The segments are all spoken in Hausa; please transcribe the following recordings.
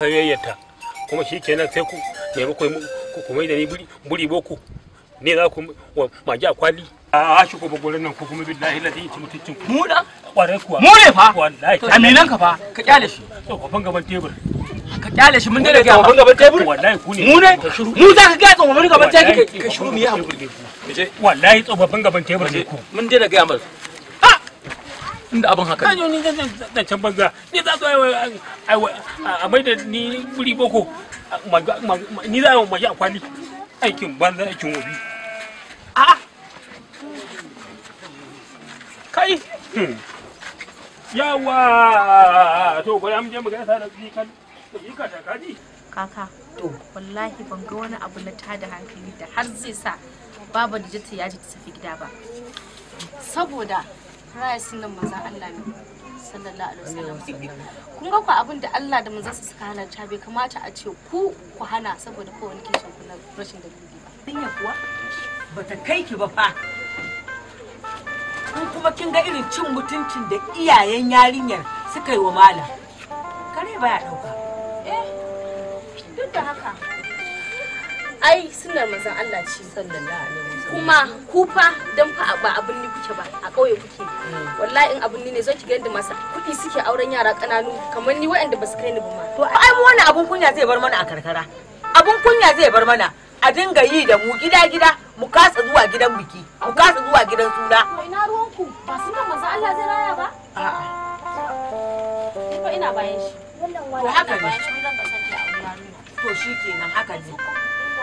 sayayyata kuma shi kenan sai ku nemi ku mai da ni buri boku ne za ku a kwali a ashi ko bagoran nan kuma billahi lati ci mutuncin mu da kwarai kuwa mu ne fa ka fa ka kyale shi tebur ka kyale shi mun dai da ga tsofafin gaban tebur wallahi ku ne mu ne mu za ka ga tsofafin tebur ka shiru mu yi hakuri wallahi tebur ne ku mun da inda abin haka ne ni zan can banza ni za su a mai da ni wuri boko ni za a yi maji a kwali aikin banza aikin wobi a kai hmm. yawa to gwada mu je mu sa da kan ka da kaji kaka wallahi ban ga wani abu na tada hankali da har zai sa babu da jita ya ji ta tafi gida ba saboda raya sunan manzon Allah ne sallallahu alaihi wasallam kun ga ku abin da Allah da manzon suka halarta bai kamata a ce ku ku hana saboda ko wani kishin kuna rashin dalili ba dinya kuwa bata kai ki ba fa kun kuma kin ga irin cin mutuncin da iyayen yarinyar suka yi wa malam kare baya dauka eh duk da haka ai suna manzan Allah ce kuma kufa don dan fa ba abin ni kuke ba a ƙauye kuke mm. wallahi in abin ni ne zo ki ga masa kuɗi suke auren yara ƙananu kamar ni waɗanda ba su kai ni ba to ai mu wani abun kunya zai bar mana a karkara abun kunya zai bar mana a dinga yi da mu gida gida mu kasa zuwa gidan biki mu kasa zuwa gidan suna to ina ruwanku ba sunan manzan Allah zai raya ba a'a ina bayan shi wannan wani haka ne to shi kenan haka ne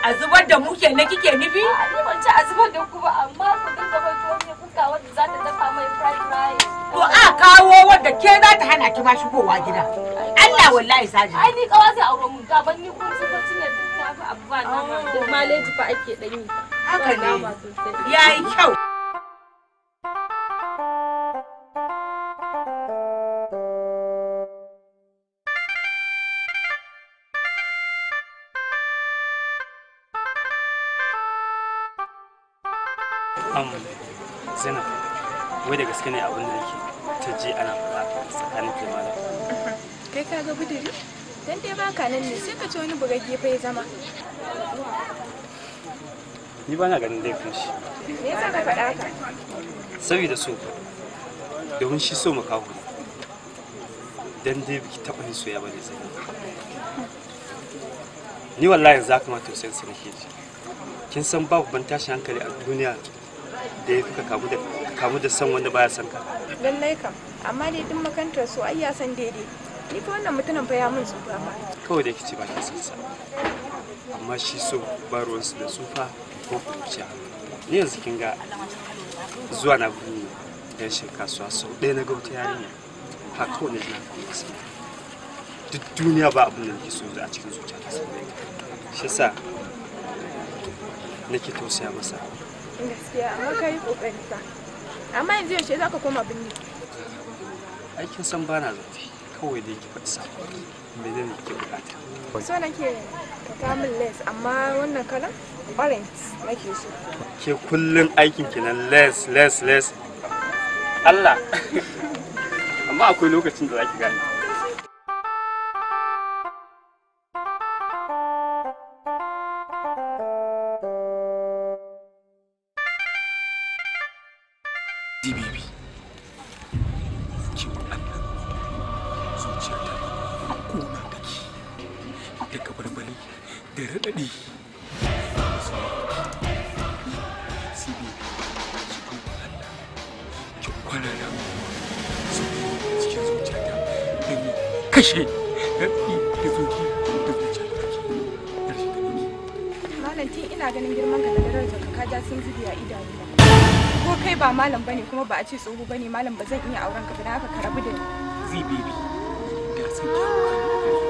a zubar da muke kenan kike nufi ni ban ci a zubar da ku ba amma ku dinga bai ne kuka wanda za ta dafa mai fried rice to a kawo wanda ke za ta hana ki ma shigowa gida Allah wallahi saji ai ni kawa sai auri mun gaban ni kuma sun ci ne ta fi abuwa na ah. ma leji fa ake dan yi haka ne kyau gaske ne abin da yake ta je ana fada tsakanin ke malam kai ka ga budiri dan dai baka nan ne sai ka ci wani bugagge fa ya zama ni ba na ganin laifin shi me yasa ka faɗa haka saboda so domin shi so makaho dan dai biki taɓa yin soya ba ne sai ni wallahi yanzu aka mata sai sarki kin san babu ban tashi hankali a duniya da ya fi ka kamu da kamu da san wanda baya son ka lallai kam amma dai duk makantar su ai ya san daidai ni fa wannan mutumin fa ya mun tsufa ma kawai da kici ba ki san sa amma shi so ba ruwan su da tsufa ko kuciya ni yanzu kin ga zuwa na birni ya shi kasuwa sau ɗaya na ga wata yarinya ha kawai na jina kuma sa duk duniya ba abin da nake so a cikin zuciya ta sai shi sa nake tausaya masa gaskiya amma kai kokari fa amma yanzu yaushe za ka koma birni aikin san bana zafi kawai da yake faɗi sako me zai ne ke bukata so nake ka ta min less amma wannan kalan orange nake so ke kullun aikin ki nan less less less Allah amma akwai lokacin da zaki gane DBB. Kiwon Allah. Zuciyar ta a kona take. Da kabarbali da raɗaɗi. CBB. Kiwon Allah. Ki kwana da cikin zuciya ta don kashe raɗaɗi da zuci da zuciya ta kashe. Malam ina ganin girman ka da darajar ka ja sun zubi a idanu. ko kai ba malam bane kuma ba a ce tsoho bane malam ba zan iya auren ka ba na haka ka rabu da ni zibibi ga sun kyawu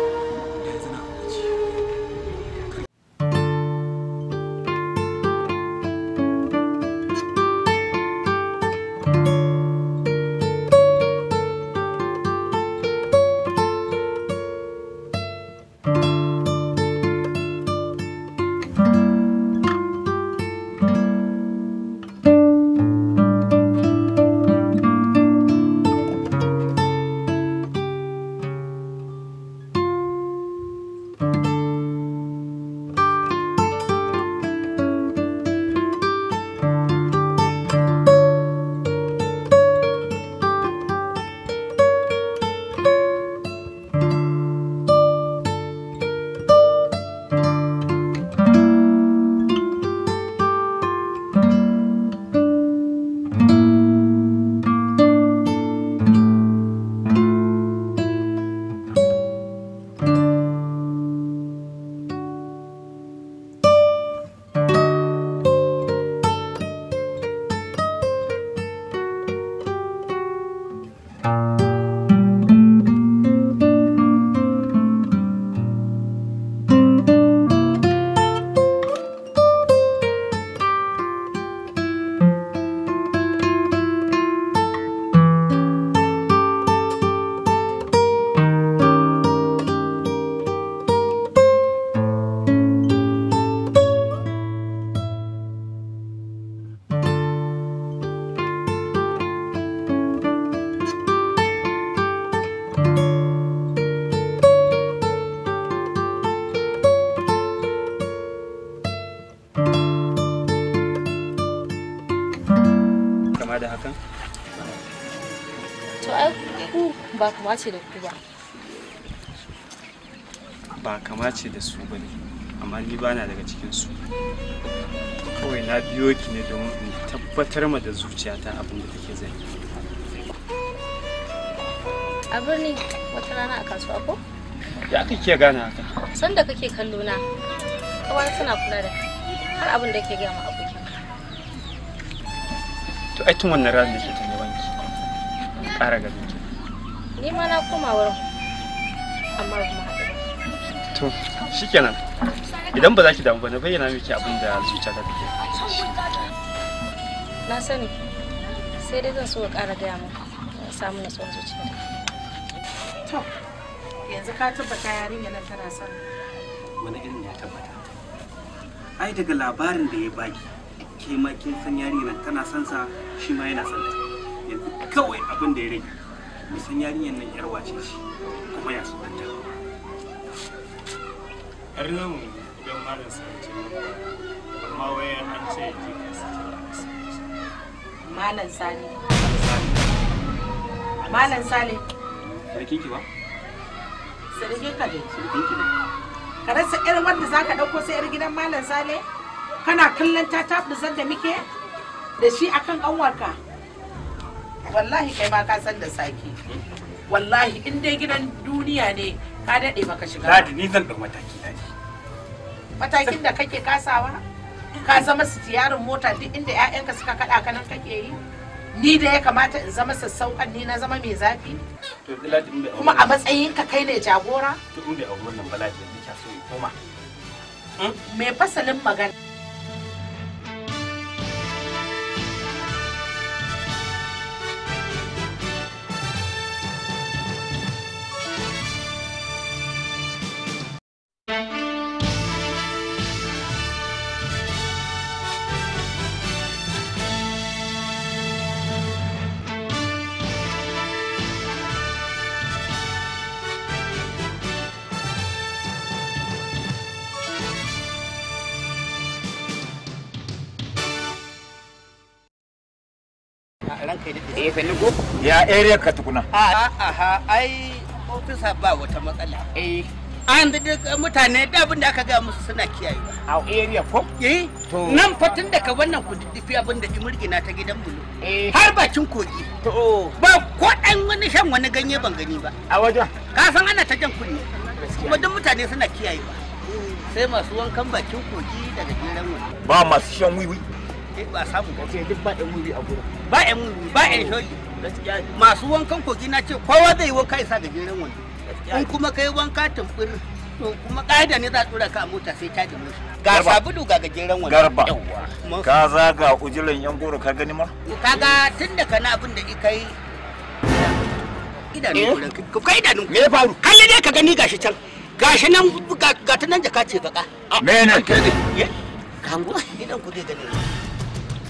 ba kamace da ku ba ba kamace da su ba ne amma ni ba na daga cikin su kawai na biyo ki ne domin in tabbatar ma da zuciyata abin da take zai a birni wata rana a kasuwa ko ya ke gane haka sanda kake kallo na kawai suna kula da kai har abin da ke gama abokin to ai wannan ranar da ke ta neman ki ƙara ganin ni ma na koma wurin amma ba to shikenan idan ba za ki damu ba na bayyana miki abin da zuciya ta take na sani sai dai zan so ka ƙara gaya mu samu natsuwar zuciya to yanzu ka tabbata yarinya nan tana son wani irin ya tabbata ai daga labarin da ya baki ke ma kin san yarinya nan tana son sa shi ma yana son ta yanzu kawai abin da ya rage san yarinyar nan yar wace ce kuma ya sunanta yar nan idan malam sarki amma waya an ce ki kasance malam sani malam sale sarki ki ba sarki ka dai sarki ki ka rasa irin wanda zaka dauko sai yar gidan malam sale kana kallon ta tafi da muke da shi akan kanwarka wallahi kai ma ka san da saki wallahi in dai gidan duniya ne ka daɗe maka shiga ladi ni zan ɗau mataki ladi matakin da kake kasawa ka zama sitiyarin mota duk inda 'ya'yanka suka kaɗa ka nan kake yi ni da ya kamata in zama sassauƙan ni na zama mai zafi kuma a matsayin ka kai ne jagora to in bai auri wannan bala'i da so ya koma me hmm? fasalin magana Ya area ka tukuna. A'a ai ofisa ba wata matsala. Eh. An da mutane da abin da aka ga musu suna kiyayewa. A area ko? Eh. To. Nan fatin da ka wannan ku diddifi abin da imirgina ta gidan bulu. Eh. Har bakin kogi. To. Ba ko ɗan wani shan wani ganye ban gani ba. A wajen. Ka san ana ta jan kunne. Kuma duk mutane suna kiyayewa. Sai masu wankan bakin kogi daga gidan wani. Ba masu shan wiwi. sai eh, ba samu ba sai duk ba ɗan wuri a gurin ba ɗan wuri ba ɗan shoji masu wankan kogi na ce kowa zai yi wanka ya sa gajeren wani in kuma kai wanka tumfir to kuma ƙa'ida ne za a tura ka a mota sai ta da mushi ga sabulu ga gajeren wani garba ka zaga ujiran yan goro ka gani ma kaga tun da kana abin da ika yi idanun eh? ka kai idanun me ya faru kalle dai ka gani gashi can gashi nan ga ta nan jaka ce baka menene kai ne eh? kango idan ku zai gani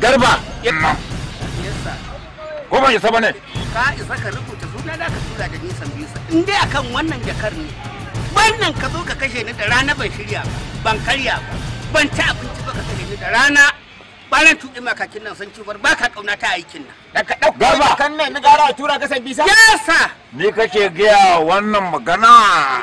garba ko ban isa ba ne ka isa ka rubuta suna da ka tura da nisan bisa in dai akan wannan jakar ne wannan ka zo ka kashe ni da rana ban shirya ba ban karya ba ban ci abinci ba ka kashe ni da rana ɓaran tuɗi ma kakin nan san kibar ba ka ƙauna ta aikin nan. Da ka ɗauko da kan nan na gara a tura ka san bisa? Yesa! Ni kake gaya wannan magana.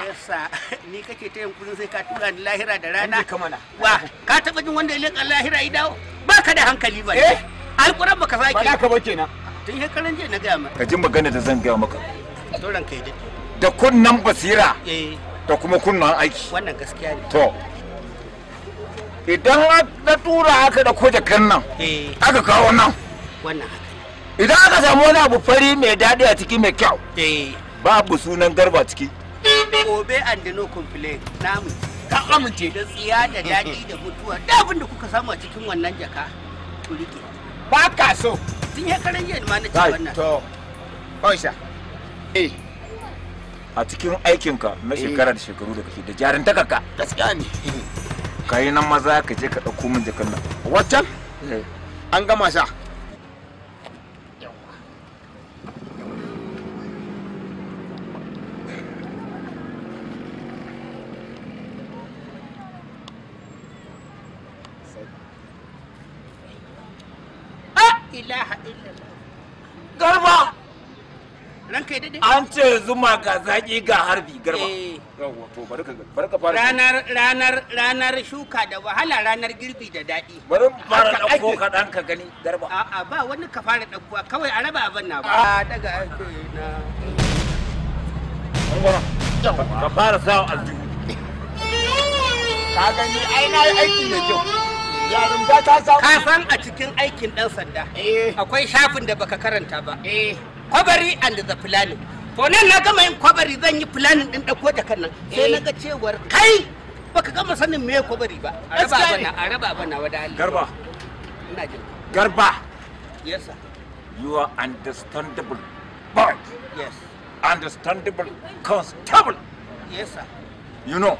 Yesa, ni kake ta yankurin sai ka tura ni lahira da rana. Ni kamana. Wa, ka taɓa jin wanda ya leƙa lahira ya dawo? Ba ka da hankali ba. Eh? Alƙuran ba ka sake. Ba ka ba kenan. Tun shekaran jiya na gaya maka. Ka ji magana da zan gaya maka. Doron kai da. Da kunnan basira. Eh. Da kuma kunnan aiki. Wannan gaskiya ne. To. idan na tura aka da ko jakan nan eh. aka kawo nan wannan idan aka samu wani abu fari mai daɗi a ciki mai kyau eh. babu sunan garba ciki gobe and no complain namu ka amince da tsiya da daɗi da mutuwa da abin da kuka samu a cikin wannan jaka ku rike ba ka so tun ya karan yin ma na ci wannan to kausha eh a cikin aikinka na eh. shekara da shekaru da kake da jarin takaka gaskiya ne ka yi nan maza ka je ka ɗauko min jakan nan waccan eh. an gama sha ilaha illallah garba ranka an ce zuma ga zaki ga harbi garba eh. ranar ranar ranar shuka da wahala ranar girbi da dadi bari fara ɗauko ka ɗan ka gani garba a a ba wani ka fara dauko kawai a raba abin na ba ah. a daga ake na ka fara sa aljihu ka gani ai na yi aiki kyau ka san a cikin aikin ɗan sanda eh. akwai shafin da baka karanta ba eh. kwabari and the planning to nan na gama yin kwabari zan yi planning din dauko kan nan eh. sai na ga cewar kai baka gama sanin me kwabari ba araba bana araba bana wada garba ina jin garba yes sir you are understandable boy yes understandable constable yes sir you know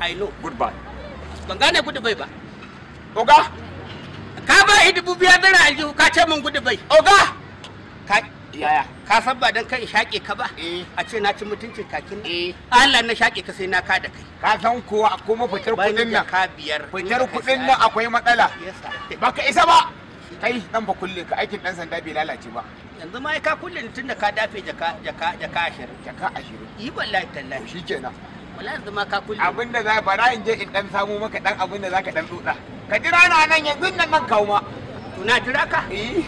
i know goodbye ban gane gudu bai ba oga ka ba dubu biyar dara aljihu ka ce min gudu bai oga ka yaya ka san ba dan kai shaƙe ka ba eh. a ce na ci mutuncin kakin nan eh. Allah na shaƙe ka sai na ka da kai ka san kowa ko kuma fitar kuɗin nan ka biyar fitar kuɗin nan akwai matsala baka isa ba kai dan ba kulle ka aikin dan sanda bai lalace ba yanzu ma ka kulle ni tunda ka dafe jaka jaka jaka ashirin jaka ashirin yi wallahi tallahi shikenan wallahi yanzu ma ka kulle abinda za ba in je in dan samu maka dan abinda zaka dan dutsa ka jira na nan yanzu nan nan kawo ma tuna jira ka eh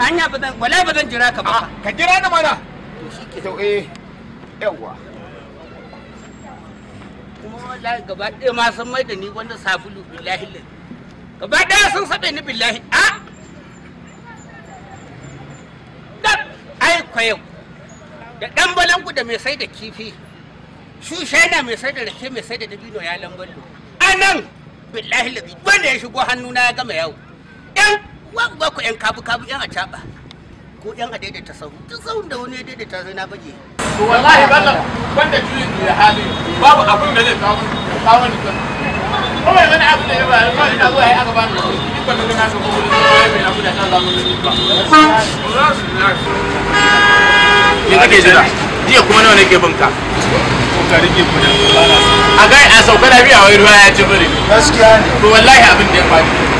hanya ba zan wala ba zan jira ka ba ah, ka jira ni mana to shike to eh yawa kuma wallahi gaba ɗaya ma sun mai da ni wanda sabulu billahi gaba ɗaya sun sabe ni billahi a ah! dan ai kwayo da dan balangu da mai sai da kifi shushe na mai sai da rake mai sai da dabino ya lamballo anan billahi wanda ya shigo hannuna ya gama yau. wani ba ku yan kabu-kabu yan acaba ko yan a daidaita sahu duk sahun da wani ya daidaita zai na baje to wallahi ballan da juyin da hali babu abin da zai kawo kawo ni kawai wani abu da ya ba ba ina zuwa ya aka bani ni ba ta gana so ko wani ya mai abu da ta zama ni ba ni jira jiya kuma nawa ne ke banka a wai ruwa ya ci bari gaskiya ne to wallahi abin da ya faɗi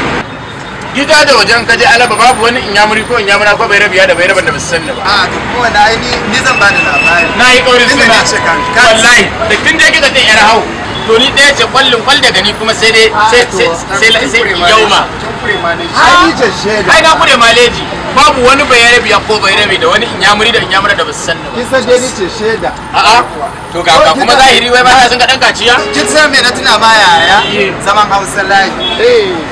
gida da wajen kaje alaba babu wani inyamuri ko inyamura ko bai rabiya da bai raban da musu sanni ba a ah, to ko na yi ni zan da labari na yi kaurin suna wallahi da kin je gida din yar hau to ni ɗaya ce kwallin kwal daga ni kuma sai dai ah, sai sai sai yauma ai na kure maleji babu wani bai rabiya ko bai rabi da wani inyamuri da inyamura da musu sanni ba kin dai ni ce sheda a'a to ga ka kuma zahiri wai ba sun ga dan kaciya kin san me na tuna baya ya eh. zaman hausa lai eh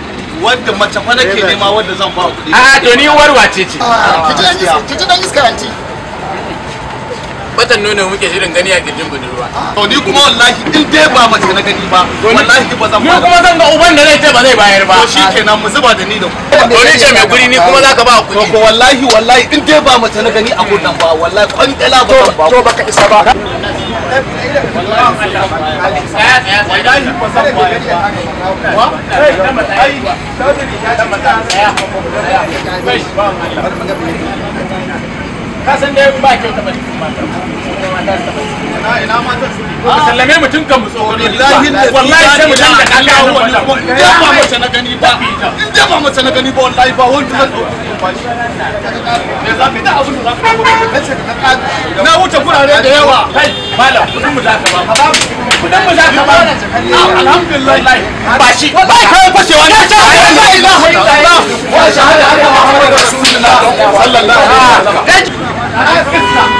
wadda mace fa nake nema wadda zan ba kuɗi a to ni warwa ce ce ah, ki ji dan iska anti batan nono muke shirin gani a gidin budurwa to ni kuma wallahi in dai ba mace na gani ba wallahi ba zan ba ni kuma zan ga uban da zai ce ba zai bayar ba to shikenan mu zuba da ni da ku to ni ce mai guri ni kuma zaka ba kuɗi to wallahi wallahi in dai ba mace na gani a gudan ba wallahi kwantala ba zan ba to baka isa ba ka san dai ba kyau ta bari kuma ta ta bari ina matan suke ko sallame mutun kan muso wallahi sai mu danka dan kawo wannan ba ba mace na gani ba in ba mace na gani ba wallahi ba wani zan dauki da abun da za ka kace ka na wuce kurare da yawa kai malam kudin mu ka ba ba mu za ka ba alhamdulillah ba shi ba kai fashewa ne ta la ilaha illallah wa shahada anna muhammadar rasulullah sallallahu alaihi wasallam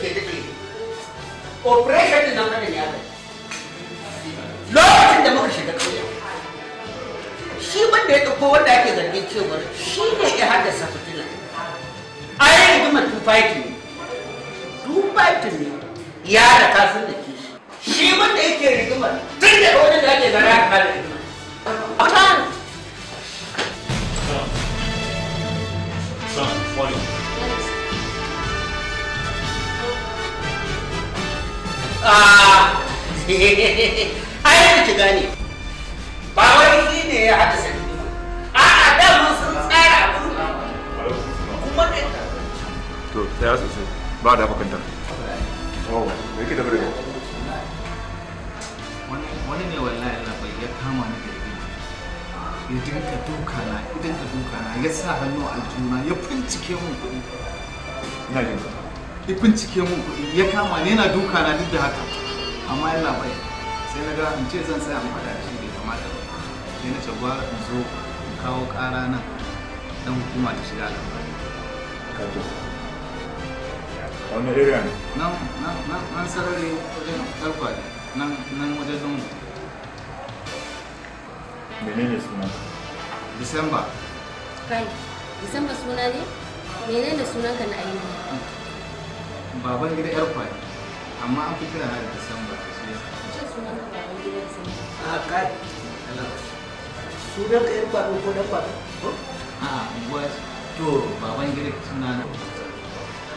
operation din nan kanin ya lokacin da muka shiga ƙauyen shi wanda ya ɗauko wanda ake zargin cewar shi ne ya haddasa fitila a yi rigimar tufaiti ne tufaiti ne ya da kasin da ke shi wanda yake rigimar tun da wani da ake zara ya kare rigimar a kan a ah. yi ki gane ba wai yi ne ya haɗa sarki a a dama sun tsara abin kuma ne to ta tsaya sosai ba da bakanta oh me ke da bare wani ne wallahi na bai ya kama ni da ya dinka duka na idan ka duka na ya sa hannu a juna ya bincike mun kuɗi ina jin ya bincike ya kama ne na duka na duk da haka amma yana bai sai na gara in ce zan tsaya in faɗa shi kamata ba sai na ce gwara in zo in kawo ƙara nan dan hukuma ta shiga da kato wani area ne nan nan nan sarari wajen ɗarfa nan nan wajen lungu menene suna disamba kai disamba suna ne menene sunan ka na ainihi. baban gida yar kwai amma an fi kira na da disamba a ah, kai sunan ka yar kwado ko na kwado a ah, unguwa to baban gida suna na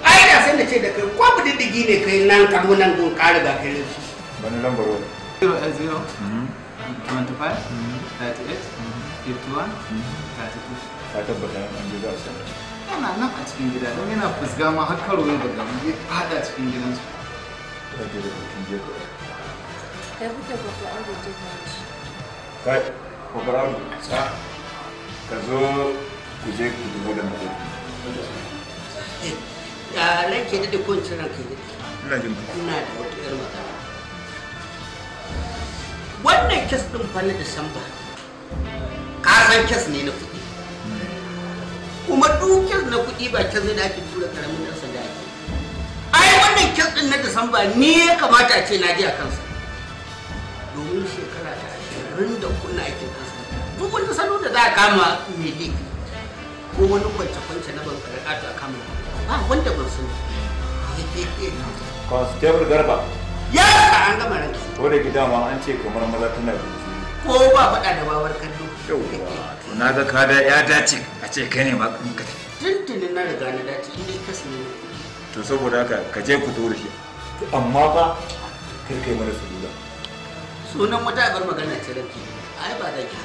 ai da san da ce da kai kwabu diddigi ne kai nan kamo gun ka riga kai rufi wani lambar wani 0 0 25 38 51 two ka tabbata an ji za su yana nan a cikin gida don yana fusga ma har karo ya daga ya fada cikin gidansu. Kai kuke ba ku aure ta Kai, ku bar aure. ka zo ku je ku dubo da mutum. Eh, ya ranke da duk wancan Ina jin Ina da wata magana. Wannan kes ɗin fa na Disamba. Ka san kes ne na fito. kuma dukiyar na kuɗi ba kyan zai ake tura karamin ɗan sanda ake ai wannan kyan ɗin na disamba ni ya kamata a ce na ji a kansa domin shekara ta ashirin da kuna aikin kansa duk wanda salo da za a kama mai laifi ko wani kwance-kwance na ban karɓa a kama ba wanda ban sani constable garba ya an gama ranki ko da gida ma an ce kamar maza tana da ko ba faɗa da babar kallo na ga ka da ya dace a ce kai ne ma ka tuntunin na riga na dace in dai kasu ne to saboda haka ka je ku dole shi amma ba kai kai mana su dula sunan wata bar magana ce rafi ai ba da ki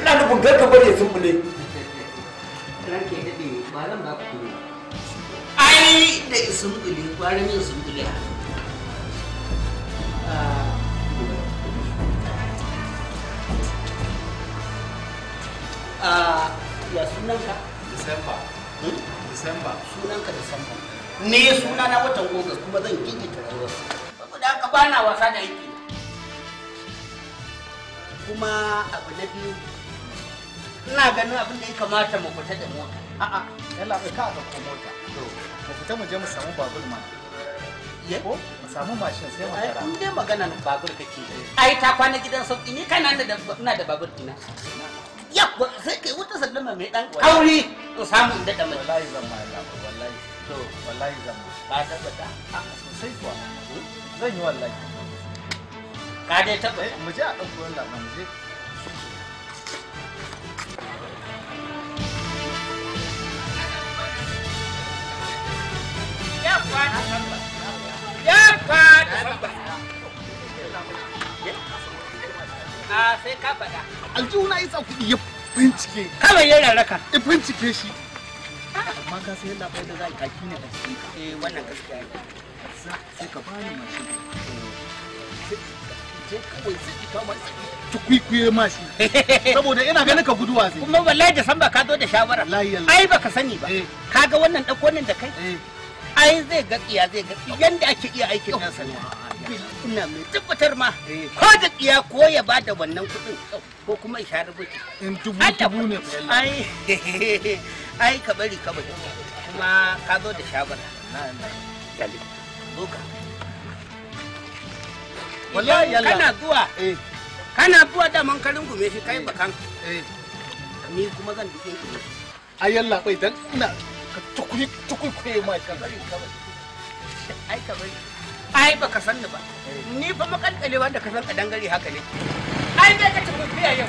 ina nufin kai ka bari ya sumbule ranke daɗe ba zan ba ku ai da ba ran yin bule a ah. ya sunanka? Disamba. Hmm? Disamba. Sunanka Disamba. Ne suna na watan August kuma zan gigita rayuwarsa. Saboda haka ba na wasa da aiki. Kuma abu na biyu ina ganin abin da ya kamata mu fita da mota. A'a, yalla bai ka ga mota. To, mu fita mu je mu samu babur ma. Ye? Ko mu samu mashin sai mu tara. Ai, kun dai maganar babur kake. Ai ta kwana gidan sauki ni kana da da babur dina. yawa sai kai wata sallama mai dan kauri in samu in daɗa wallahi zan ma wallahi to wallahi zan ma ka tabbata sosai kuwa hmm? zan yi wallahi ka dai eh, mu je a wannan mu je yawa yawa yawa sai ka faɗa aljihuna ya sa kuɗi ya bincike kawai ya raraka ya bincike shi amma ka sai yadda bai da za ka kine a cikin eh wannan gaskiya ne sai ka bani mashin eh, sai kawai sai ka ma tukwikwiye ma shi saboda ina ganin ka guduwa sai. kuma wallahi da san ba ka zo da shawara ai baka sani ba eh. Ka ga wannan ɗauko da kai eh. ai zai gatsiya zai gatsi yanda ake iya aikin nan sanuwa wallahi ina mai tabbatar ma ko da tsiya ko ya ba da wannan kuɗin ko kuma isha rubuci in dubu dubu ne ai ai ka bari ka bari kuma ka zo da shawara dali boka wallahi yalla kana zuwa eh. kana zuwa da man karin gume shi kai eh. bakan eh. ni kuma zan duke ki ai yalla bai dan ina ka tukuri tukuri kai ma kan bari ka bari ai ka bari ai ka san ni ba ni fa makalkale wanda ka san kadan gari haka ne ai me ka ci mu biya yau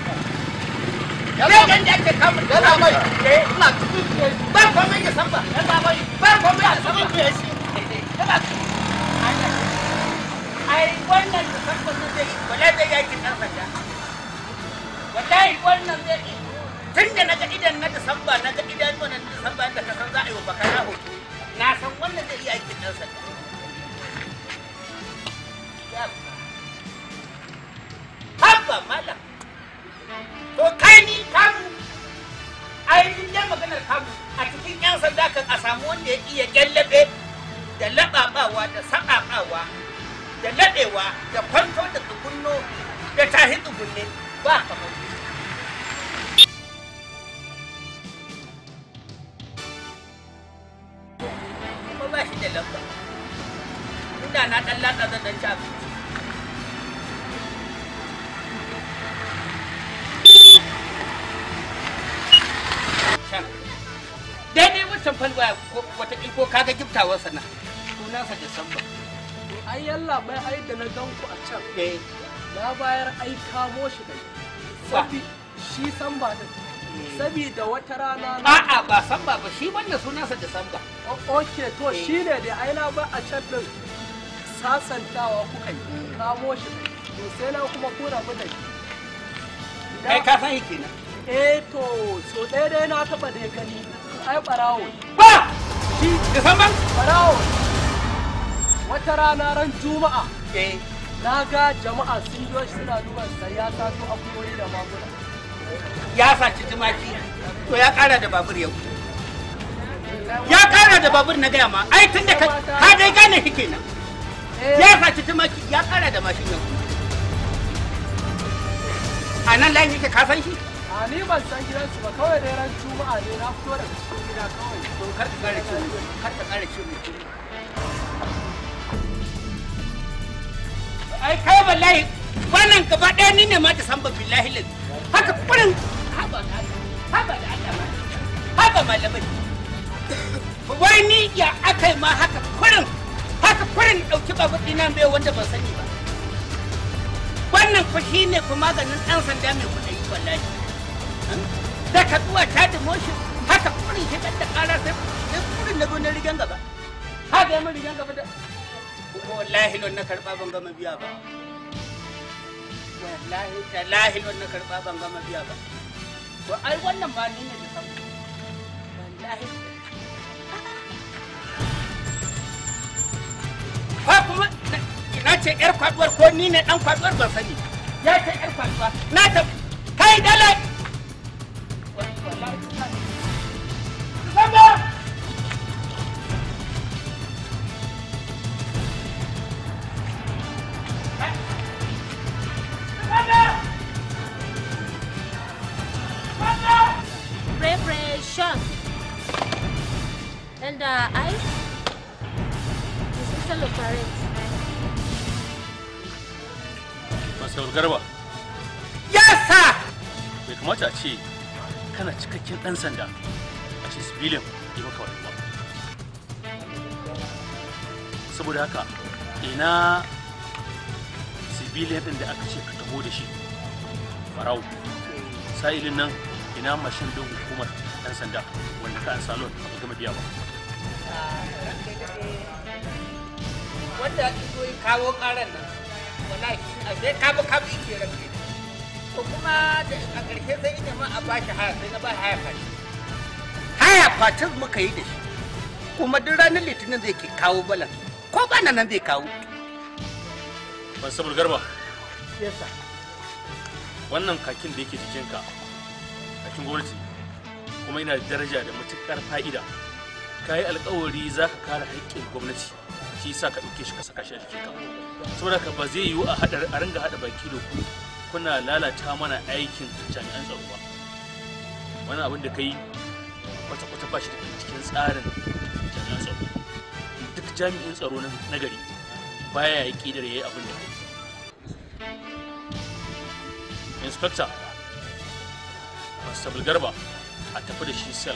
yana da yana mai eh ina cikin ba ko mai ya san ba yana mai ba ko mai ya san ba yana ai wannan da san ba zai wala da yaki tarfata wallahi wannan zai tun da na ga idan na Disamba na ga idan na Disamba da ka san za a yi wa bakara hoto na san wannan zai iya aikin dan sanda haba malam to kai ni kamu ai duk maganar kamu a cikin yan sanda kan a samu wanda ya iya gyallabe da laɓaɓawa da saɓaɓawa da laɗewa da kwanto da tsugunno da tahi tsugunne ba kamar ba shi da lamba. Ina na ɗan latsa zan ci abinci. wancan fan wata ko kaga giftawar sana sunansa Ai yalla bai ai da na dan ku a can. Eh. Na bayar ai kamo shi da sabi shi da eh. sabida wata rana na a'a ba samba ba shi wannan sunansa Disamba. Okay to eh. shine da ai na ba a can din sasantawa kuka yi kamo shi to sai na kuma kura mu da kai ka san yake na eh to so ɗaya dai na taɓa da gani ai barawo ba shi da samban barawo wata rana ran juma'a eh na ga jama'a sun yi suna duban sa ya sato abubuwa da babura ya saci tumaki to ya ƙara da babur yau ya ƙara da babur na gaya ma ai tun da ka dai gane shi kenan eh. ya saci tumaki ya ƙara da mashin yau a nan layin yake ka san shi a ni ban san gidansu ba kawai dai ran juma'a ne na fito daga cikin gida kawai to kar ka kare ce kar ka kare ce ai kai wallahi wannan gaba ɗaya ni ne ma ta san ba billahi lil haka kurin haba da haba da Allah haba malamai wai ni ya akai ma haka kurin haka kurin ɗauki babu ɗina mai wanda ban sani ba wannan fa shine ku maganin ɗan sanda mai kuɗi wallahi da ka zuwa ta demotion haka kurin shi da kara sai kurin na zo na rigan gaba haka yamin rigan gaba da kuma wallahi lon na karba ban gama biya ba wallahi tallahi lon na karba ban gama biya ba to ai wannan ba ni ne da sauki wallahi ba kuma na ce yar kwaduwar ko ni ne dan kwaduwar ban sani ya ce yar kwaduwa na ta kai dala tell Garba. Yes, Bai kamata a ce kana cikakken ɗan sanda a ce sibilin yi maka wani ba. Saboda haka, ina sibilin ɗin da aka ce ka taho da shi, farau. Sa'ilin nan ina mashin ɗin hukumar ɗan sanda wanda ka salon a gama biya ba. Ah, wanda ya zo ya kawo karan nan wallahi sai ka bi ka bi ke rabe to kuma da a ƙarshe sai ina ma ba shi haya sai na ba haya fashi haya fatin muka yi da shi kuma duk ranar litinin zai ke kawo balan ko bana nan zai kawo ban sabul garba yasa wannan kakin da yake jikinka kakin gwamnati kuma yana da daraja da matuƙar fa'ida ka yi alkawari za ka kare haƙƙin gwamnati shi sa ka ɗauke shi ka saka shi a jikin ka saboda ka ba zai yiwu a haɗa a ringa haɗa baki da ku kuna lalata mana aikin jami'an tsaro ba wani abin da kai kwata-kwata ba shi da cikin tsarin jami'an tsaro duk jami'in tsaro na gari baya ya ƙidar ya yi abin da kai inspector constable garba a tafi da shi sel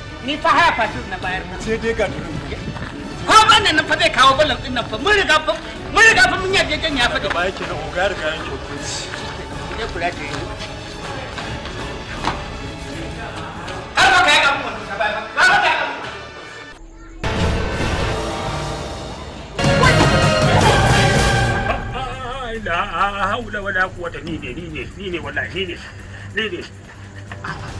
ni fa haya fatir na bayar nan sai dai ga durin ko wannan nan fa zai kawo balan din nan fa mun riga fa mun riga fa mun yaje jan ya fa gaba yake na oga riga yan kokoci ne kula da yi karba kai ga mun wannan ba ba ba la haula wala quwwata ni ne ni ne ni ne wallahi ni ne ni ne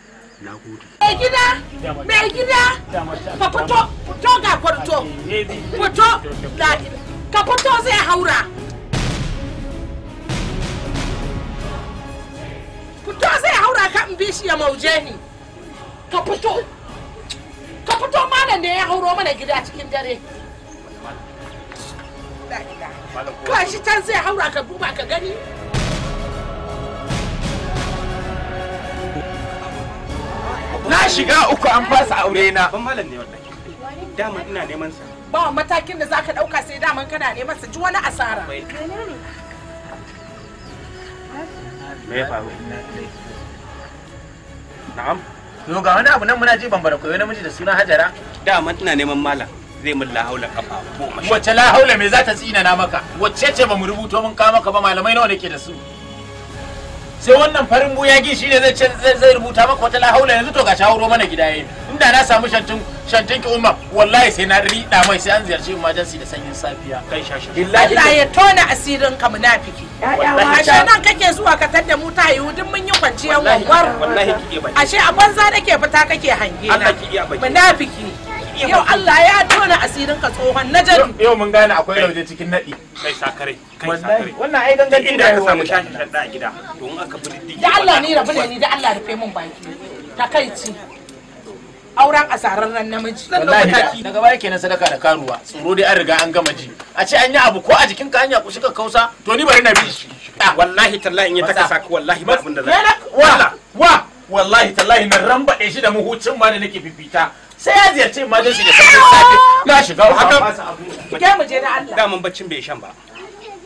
na gode mai gida mai gida ka fito fito ga kwarto fito ka fito zai haura fito zai haura ka in bishi ya mauje ni ka fito ka fito malam ne ya hauro mana gida cikin dare ka shi can zai haura ka duba ka gani na shiga uku an fasa aure na ban malam ne wallahi mun ina neman sa ba matakin da zaka dauka sai daman kana neman sa ji wani asara me ya faru na'am yo ga wani abu nan muna ji bambara koyo namiji da suna hajara mun ina neman malam zai min lahaula kafa Wacce wace lahaula me za ta tsina na maka wacce ce ba mu rubuto mun ka maka ba malamai nawa nake da su sai wannan farin buyagi shine zai ce zai rubuta maka wata lahaula yanzu to ga shawaro mana gida yayi inda na samu shantin shantin ki umma wallahi sai na rida mai sai an ziyarci emergency da sanyin safiya kai shashi Allah ya tona asirin ka munafiki ashe nan kake zuwa ka tadda mu ta yiwu duk mun yi kwanciyar wangwar ashe a banza nake fita kake hange na munafiki yau Allah ya tona asirin ka tsohon na yau mun gane akwai lauje cikin nadi kai sakare kai sakare wannan ai gangan inda ka samu shashi shadda a gida to in aka bi da Allah ni rabu da ni da Allah rufe mun baki takaici auren asararren namiji wallahi daga baya kenan sadaka da karuwa tsoro dai an riga an gama ji a ce an yi abu ko a jikin ka an ya kushi kausa to ni bari na bi shi ah, wallahi tallahi in ya taka saka wallahi ba abin da za wa wa wallahi tallahi na ramba shi da muhucin ma da nake bibita sai ya ziyarci emergency da sabbin safe na shiga haka ga mu je da Allah da mun baccin bai shan ba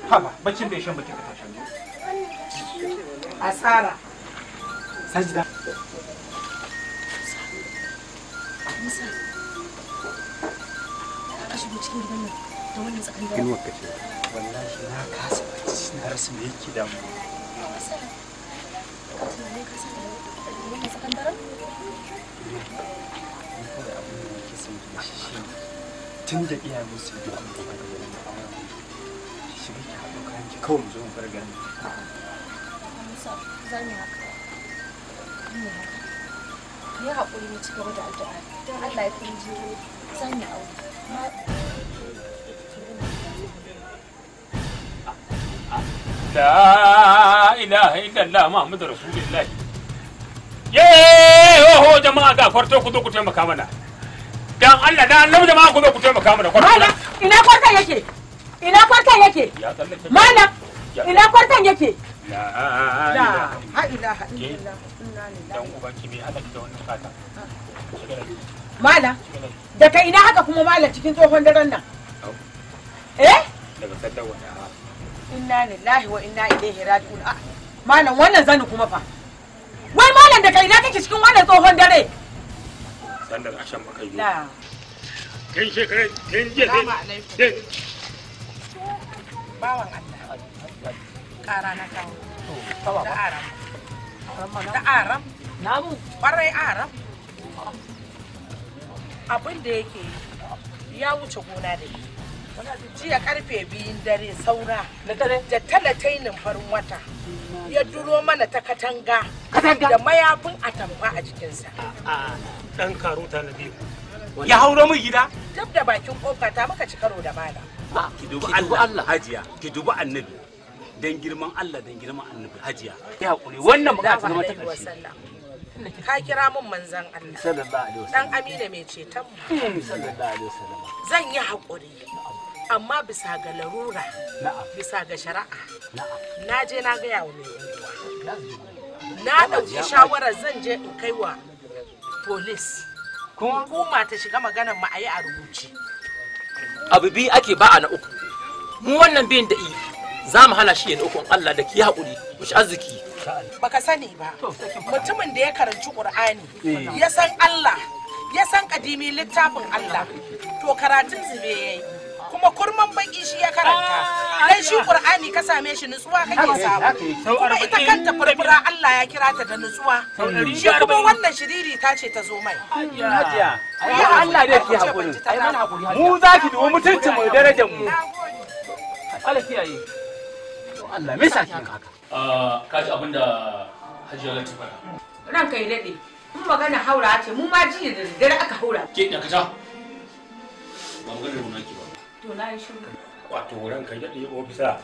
haba baccin bai shan ba kika tashi asara sajida ka shigo cikin gidan nan da wannan Inuwa kace. Wallahi na kasa bacci na rasa me yake damuwa. ka ka san da wannan sakandaren? kawai abin da nake son da shi shi tun da iya musu da kuma da wani auren ki shiga ki haɗo kayan ki kawai mu zo mu bar gani. Za mu haka. Mu haka. haƙuri mu ci gaba da addu'a don Allah ya kun jiwo za mu aure. لا إله إلا الله محمد رسول الله Yeho jama'a ga kwarto ku zo ku taimaka mana. Dan Allah dan Allah jama'a ku zo ku taimaka mana kwarto. Malam ina kwarton yake? Ina kwarton yake? Malam ina kwarton yake? La ilaha illallah. Dan uba ki me haka da wannan fata. Malam daga ina haka kuma malam cikin tsohon daren nan? Eh? Daga sallawa. Inna lillahi wa inna ilaihi raji'un. Ah, malam wannan zani kuma fa. wai malam da kaina kake cikin wannan tsohon dare sandar ashan baka yi kai shekarai kin je sai bawan Allah kara na kawo da aram da aram namu kwarai aram abin da yake ya wuce gona da yi jiya karfe biyun dare saura da talatainin farin wata ya duro mana ta katanga da mayafin atamfa a jikinsa dan karota na biyu ya hauro min gida duk da bakin kofa ta muka ci karo da mala ki dubi Allah hajiya ki dubi annabi dan girman Allah dan girman annabi hajiya ya hakuri wannan magana ta zama ta karshe ka kira min manzan Allah dan amina mai ceton mu zan yi hakuri amma bisa ga larura bisa ga shari'a na je na gaya wa mai na ɗauki shawarar zan je in kai wa polis kuma ta shiga maganar ma a yi a rubuce abu biyu ake ba a na uku mu wannan biyan da za mu hana shi ya uku Allah da ki haƙuri mushi shi arziki baka sani ba mutumin da ya karanci ƙur'ani eh. ya san Allah ya san ƙadimi littafin Allah to karatun zube ya yi. kuma kurman baki shi ya karanta dan shi qur'ani ka same shi nutsuwa kake samu kuma ita kanta furfura Allah ya kira ta da nutsuwa shi kuma wannan shiriri ta ce ta zo mai ya Allah ne ke hakuri mu za ki dubi mutuncin mu darajar mu Allah kiyaye to Allah me sa ki haka ah, ka ji abinda hajiya fara ranka ya dade mun magana haura ce mu ma jiya da dare aka haura ke dakata ba magana da ke ba To na yi shiru. Wato ranka daɗe ofisa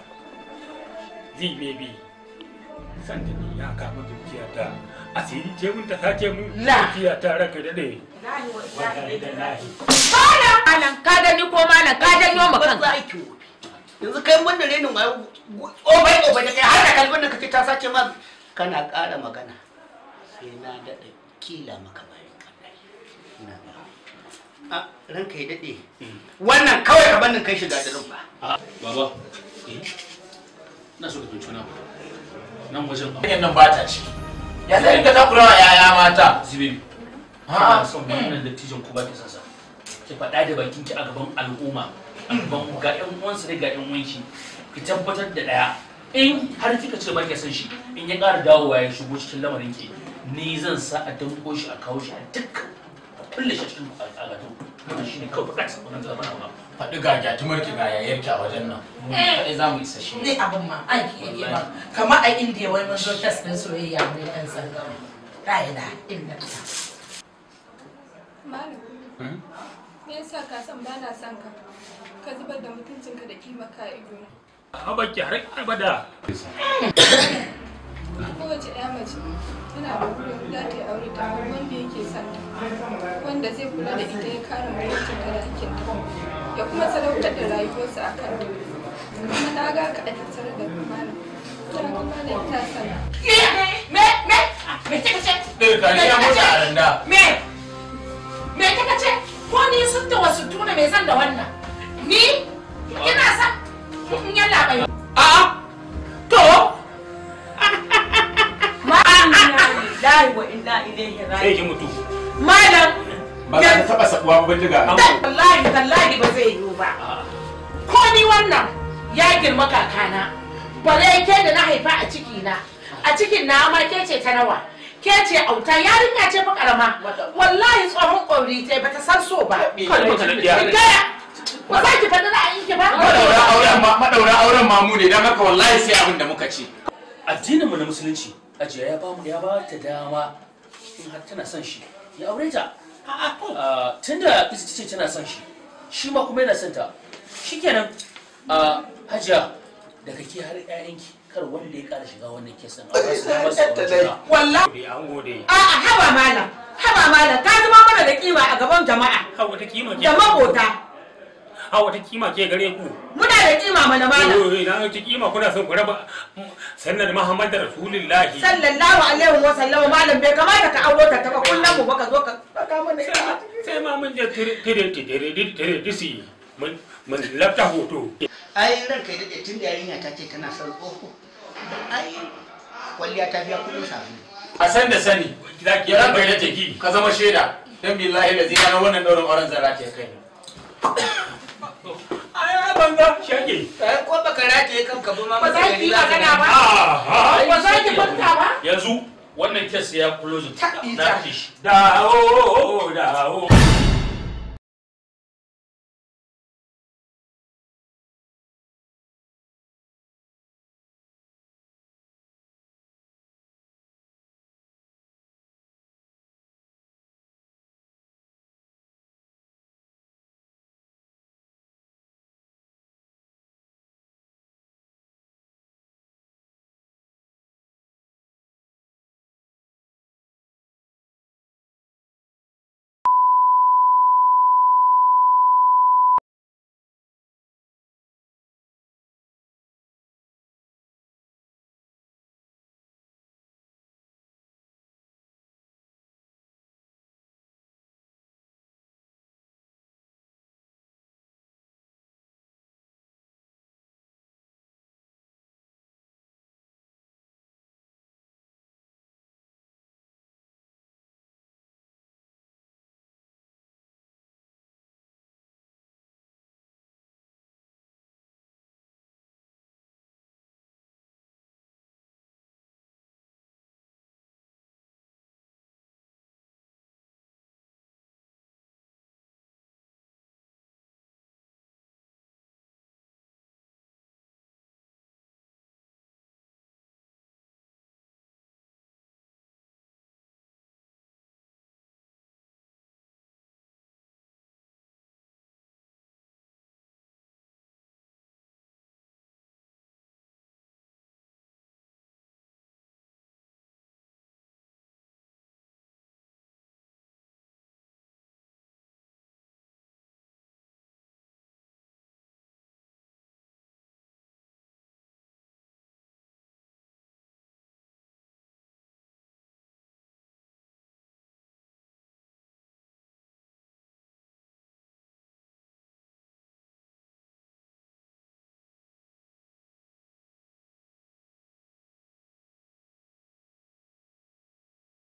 zai bebi sanda ne ya kama dukiya ta asiri ce mun ta sace mun dukiya ta ranka daɗe. Malam ka gani ko malam ka janyo ma kanka. Yanzu kai wannan renin ma obai obai da kai har da kalbin da kake ta sace ma kana ƙara magana sai na daɗe kila maka bai. ranka ya daɗe wannan kawai ka bannin kai shiga daren ba baba eh, na so ka tuntu na nan wajen ba nan ba ta ciki ya zai ka takura wa yaya mata zibibi ha son wannan dattijan ku ba ki sansa ki faɗa da bakin ki a gaban al'umma a ga ƴan uwansa da ga ƴan uwanki ki tabbatar da ɗaya in har kika ce ba ki san shi in ya ƙara dawowa ya shigo cikin lamarin ki ni zan sa a danko shi a kawo shi a duk kulle shi cikin al'adu wannan shine kawai faɗa sabon wannan zama na faɗi gaja gyatumar ki ga a wajen nan kaɗai za mu isa shi ne abin ma an ki yi ba kamar a indiya wai mun zo test ɗin soyayya mai ɗan sanda ra'ayina inda ta malam me yasa ka san ba na son ka ka zubar da mutuncinka da kima ka ido na abaki har abada kowace ya mace tana da burin za ta yi aure ta wanda yake son wanda zai kula da ita ya kare mutuncin ta da hakkin ta ya kuma salautar da rayuwarsa a kan ta kuma na ga ka a tattare da malam ta kuma da ita sana. me me me ta kace me ah, ta kace me me ta kace ko ni sun ta wasu tuna me zan da wannan ni ina san in yalla bai a'a to lillahi wa ilaihi mutu malam ba za ta taba sabuwa ba bindiga wallahi tallahi ba zai yiwu ba ko ni wannan ya girma kakana bare ke da na haifa a ciki na a cikin na ma ke ce ta nawa ke ce auta yarinya ce fa karama wallahi tsohon kori ta bata san so ba ba za ki faɗi ra'ayin ki ba madaura auren mamu ne dan haka wallahi sai abin da muka ce addinin mu na musulunci ajiya ya ba mu ya ba ta dama in har tana son shi ya aure ta ah, tunda ita ce tana son shi shi ma kuma yana son ta shikenan ah, hajiya da kake har ƴaƴanki kar wanda ya ƙara shiga wannan kesan a wasu da masu wallahi an gode a haba malam haba malam ka zama mana da kima a gaban jama'a ka wata kima da maƙota a wata kima ke gare ku muna da kima mana mana. yo eh, eh, na wata kima kuna son ku raba sannan Muhammad Rasulullahi sallallahu alaihi wa sallam malam bai kamata ka auro ta ka kullum mu baka zo ka baka mana sai ma mun je tire tire tire disi mun mun lafta hoto ai ranka da tun yarinya ta ce tana son tsoho ai kwalliya ta biya kudin sabulu a san da sani za ki yi ka zama shaida don billahi da zina na wannan daurin auren zara ke kai banza shi ake yi. Eh, ko baka rataye ka ba ma ba za ki magana ba. Ba za ki ba. Yanzu wannan kes ya close. Ta Da o da o.